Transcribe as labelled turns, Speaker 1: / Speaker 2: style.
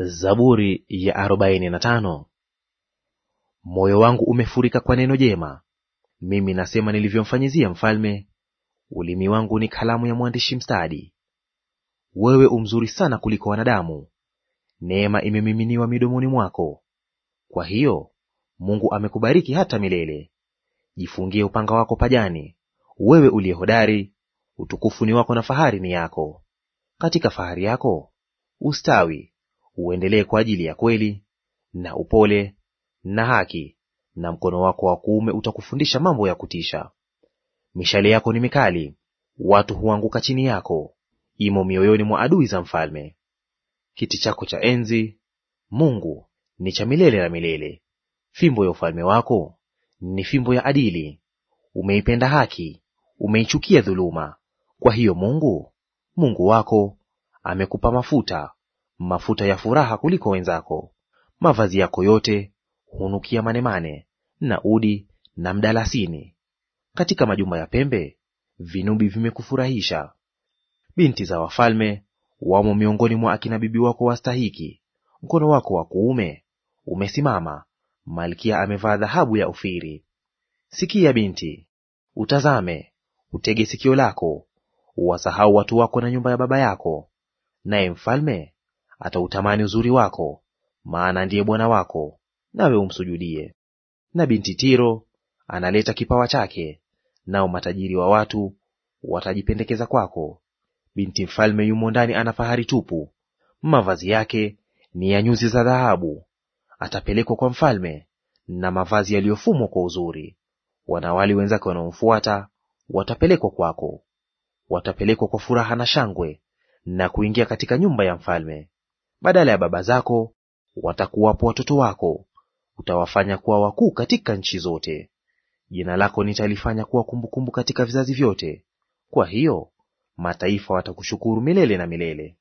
Speaker 1: Zaburi ya arobaini na tano. Moyo wangu umefurika kwa neno jema, mimi nasema nilivyomfanyizia mfalme. Ulimi wangu ni kalamu ya mwandishi mstadi. Wewe umzuri sana kuliko wanadamu, neema imemiminiwa midomoni mwako. Kwa hiyo Mungu amekubariki hata milele. Jifungie upanga wako pajani, wewe uliye hodari; utukufu ni wako na fahari ni yako. Katika fahari yako ustawi, uendelee kwa ajili ya kweli na upole na haki, na mkono wako wa kuume utakufundisha mambo ya kutisha. Mishale yako ni mikali, watu huanguka chini yako, imo mioyoni mwa adui za mfalme. Kiti chako cha enzi, Mungu, ni cha milele na milele. Fimbo ya ufalme wako ni fimbo ya adili. Umeipenda haki, umeichukia dhuluma. Kwa hiyo Mungu Mungu wako amekupa mafuta mafuta ya furaha kuliko wenzako. Mavazi yako yote hunukia manemane na udi na mdalasini. Katika majumba ya pembe vinubi vimekufurahisha. Binti za wafalme wamo miongoni mwa akina bibi wako wastahiki. Mkono wako wa kuume umesimama, malkia amevaa dhahabu ya Ufiri. Sikia binti, utazame, utege sikio lako, uwasahau watu wako na nyumba ya baba yako, naye mfalme atautamani uzuri wako, maana ndiye Bwana wako, nawe umsujudie. Na binti Tiro analeta kipawa chake, nao matajiri wa watu watajipendekeza kwako. Binti mfalme yumo ndani, ana fahari tupu, mavazi yake ni ya nyuzi za dhahabu. Atapelekwa kwa mfalme na mavazi yaliyofumwa kwa uzuri. Wanawali wenzake wanaomfuata watapelekwa kwako, watapelekwa kwa furaha na shangwe na kuingia katika nyumba ya mfalme badala ya baba zako watakuwapo watoto wako, utawafanya kuwa wakuu katika nchi zote. Jina lako nitalifanya kuwa kumbukumbu katika vizazi vyote. Kwa hiyo mataifa watakushukuru milele na milele.